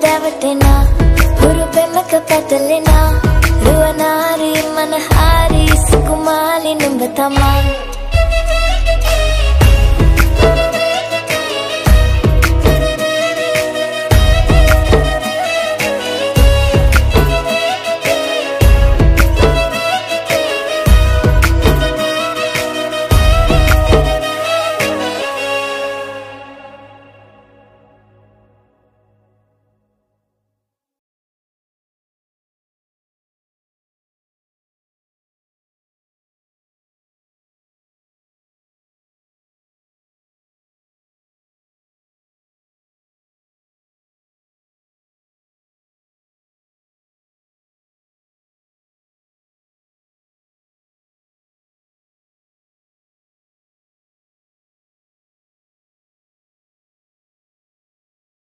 දැවටෙන හුරු පෙමක පැතලෙන රුවනාරී මනහාරී සුකුමාලි නුඹ තමා